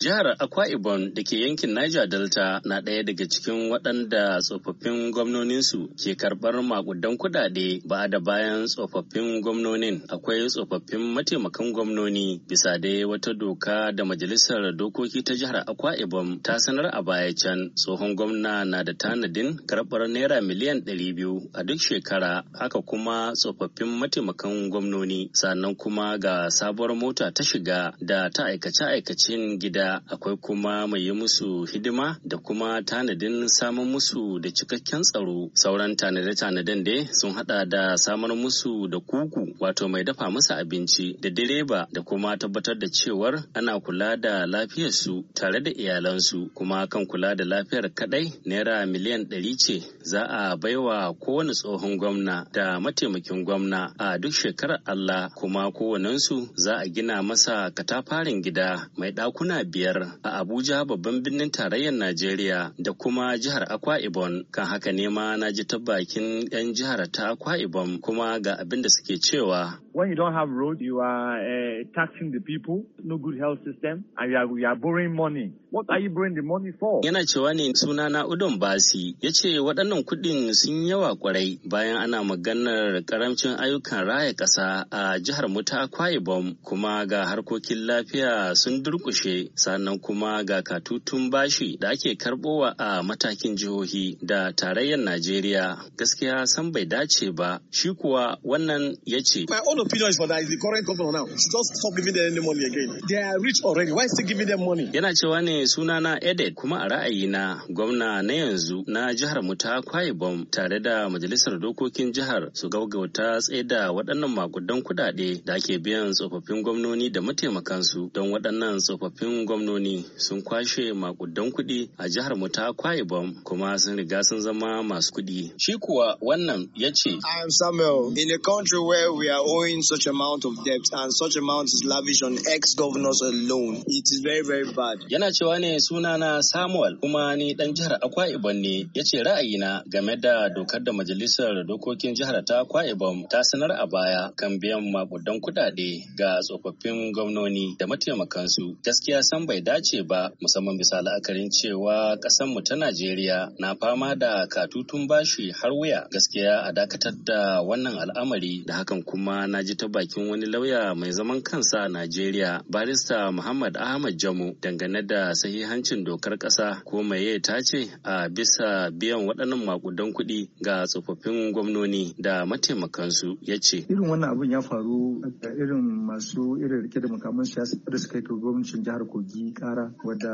Jihar Akwa Ibom da ke yankin Niger Delta na ɗaya daga cikin waɗanda tsofaffin gwamnoninsu ke karɓar maƙudan kuɗaɗe ba da bayan tsofaffin gwamnonin akwai tsofaffin mataimakan gwamnoni bisa da wata doka da majalisar dokoki ta jihar Akwa Ibom ta sanar a baya can tsohon gwamna na da tanadin karɓar naira miliyan ɗari biyu a duk shekara haka kuma tsofaffin mataimakan gwamnoni sannan kuma ga sabuwar mota ta shiga da ta aikace-aikacen gida akwai kuma mai yi musu hidima da kuma tanadin samun musu da cikakken tsaro sauran tanade-tanaden dai sun hada da samar musu da kuku wato mai dafa musu abinci da direba da kuma tabbatar da cewar ana kula da lafiyarsu tare da iyalansu kuma kan kula da lafiyar kadai naira miliyan ɗari ce za a baiwa kowane tsohon gwamna da mataimakin gwamna a duk shekarar Allah kuma kowanensu za a gina masa katafarin gida mai ɗakuna biyu biyar a Abuja babban birnin tarayyar Najeriya da kuma jihar Akwa Ibom. Kan haka ne ma na ji ta bakin 'yan jihar ta Akwa Ibom kuma ga abin da suke cewa. When you don't have road, you are eh, taxing the people, no good health system, and you are, borrowing money. What are you borrowing the money for? Yana cewa ne suna na Udon Basi, yace waɗannan kuɗin sun yawa kwarai bayan ana maganar karamcin ayyukan raya ƙasa a jihar mu ta Akwa Ibom kuma ga harkokin lafiya sun durkushe sannan kuma ga katutun bashi da ake karbowa a matakin jihohi da tarayyar Najeriya gaskiya san bai dace ba shi kuwa wannan ya ce. My own opinion is for that is the current governor now just stop giving them any money again. They are rich already why still giving them money? Yana cewa ne sunana Edek kuma a ra'ayina gwamna na yanzu na jihar mu ta Bom tare da majalisar dokokin jihar su gaugauta da waɗannan makudan kuɗaɗe da ake biyan tsofaffin gwamnoni da mataimakansu don waɗannan tsofaffin gwamnoni gwamnoni sun kwashe makudan kuɗi a jihar mu ta Kwaibom kuma sun riga sun zama masu kuɗi. Shi kuwa wannan ya ce. I am Samuel. In a country where we are owing such amount of debt and such amount is lavish on ex-governors alone, it is very very bad. Yana cewa ne sunana Samuel kuma ni dan jihar Akwa Ibom ne ya ce ra'ayina game da dokar da majalisar dokokin jihar ta Akwa Ibom ta sanar a baya kan biyan makudan kuɗaɗe ga tsofaffin gwamnoni da mataimakansu. Gaskiya san bai dace ba musamman bisa la'akarin cewa mu ta Najeriya na fama da katutun bashi har wuya gaskiya a dakatar da wannan al'amari da hakan kuma na ji ta bakin wani lauya mai zaman kansa a Najeriya barista Muhammad Ahmad Jamu dangane da sahihancin dokar ƙasa ko mai ta ce a bisa biyan waɗannan makudan kuɗi ga tsofaffin gwamnoni da mataimakansu ya ce. Irin wannan abin ya faru da irin masu irin rike da makaman siyasa da suka yi gwamnatin jihar Kogi. ɗauki kara wadda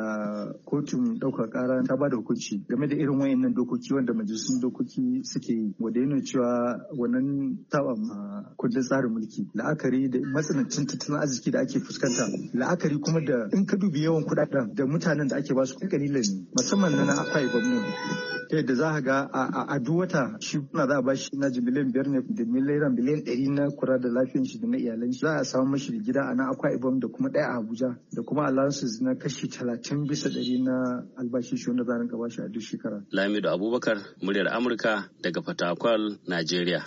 kotun ɗaukar kara ta bada hukunci game da irin wayannan dokoki wanda majalisun dokoki suke yi wadda yana cewa wannan taɓa ma kundin tsarin mulki la'akari da matsanancin tattalin arziki da ake fuskanta la'akari kuma da in ka dubi yawan kuɗaɗen da mutanen da ake ba su ƙalilan musamman na na akwai gwamnati ta yadda za ga a duk wata shi kuna za a ba shi na miliyan biyar ne da miliyan miliyan ɗari na kura da lafiyan shi da na iyalan shi za a samu mashi gida a nan akwa ibom da kuma ɗaya a abuja da kuma allowances na kashi talatin bisa ɗari na albashi shi wanda za a rinka ba shi a duk shekara. lamido abubakar muryar amurka daga fatakwal najeriya.